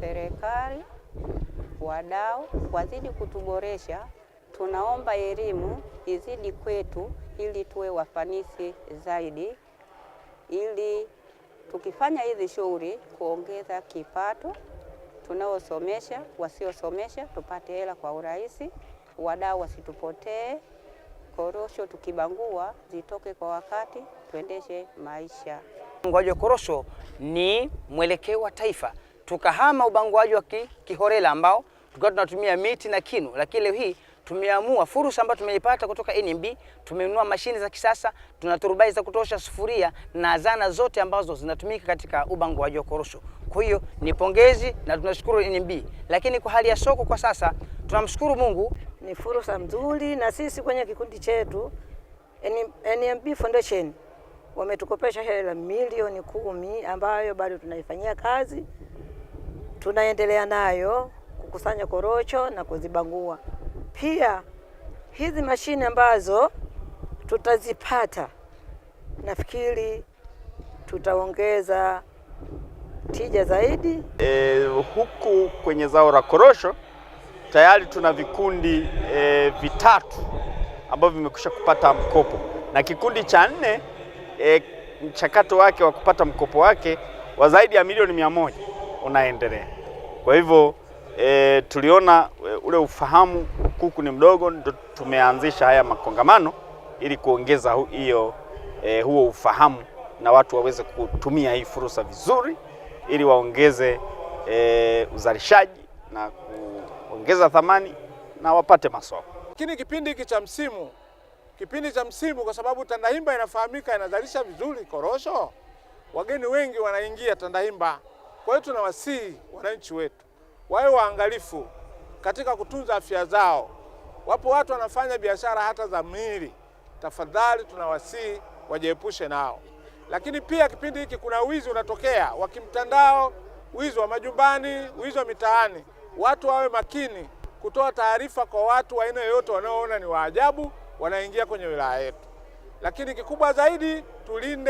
serikali, wadau wazidi kutuboresha. Tunaomba elimu izidi kwetu ili tuwe wafanisi zaidi, ili tukifanya hizi shughuli kuongeza kipato, tunaosomesha wasiosomesha tupate hela kwa urahisi, wadau wasitupotee, korosho tukibangua zitoke kwa wakati, tuendeshe maisha. Mgawajwe wa korosho ni mwelekeo wa taifa tukahama ubanguaji wa ki, ambao tulikuwa tunatumia miti na kinu, lakini leo hii tumeamua fursa ambayo tumeipata kutoka NMB, tumenunua mashine za kisasa, tuna turubai za kutosha, sufuria na zana zote ambazo zinatumika katika ubanguaji wa korosho. Kwa hiyo ni pongezi na tunashukuru NMB, lakini kwa hali ya soko kwa sasa tunamshukuru Mungu, ni fursa nzuri, na sisi kwenye kikundi chetu NMB Foundation wametukopesha hela milioni kumi ambayo bado tunaifanyia kazi tunaendelea nayo kukusanya korosho na kuzibangua. Pia hizi mashine ambazo tutazipata, nafikiri tutaongeza tija zaidi. E, huku kwenye zao la korosho tayari tuna vikundi e, vitatu ambavyo vimekwisha kupata mkopo na kikundi cha nne e, mchakato wake wa kupata mkopo wake wa zaidi ya milioni mia moja unaendelea. Kwa hivyo e, tuliona e, ule ufahamu kuku ni mdogo, ndo tumeanzisha haya makongamano ili kuongeza hiyo e, huo ufahamu na watu waweze kutumia hii fursa vizuri ili waongeze e, uzalishaji na kuongeza thamani na wapate masoko. Lakini kipindi hiki cha msimu, kipindi cha msimu, kwa sababu Tandahimba inafahamika inazalisha vizuri korosho, wageni wengi wanaingia Tandahimba. Kwa hiyo tunawasihi wananchi wetu wawe waangalifu katika kutunza afya zao. Wapo watu wanafanya biashara hata za miili, tafadhali tunawasihi wajiepushe nao. Lakini pia kipindi hiki kuna wizi unatokea wa kimtandao, wizi wa majumbani, wizi wa mitaani. Watu wawe makini kutoa taarifa kwa watu wa aina yoyote wanaoona ni waajabu wanaingia kwenye wilaya yetu. Lakini kikubwa zaidi tulinde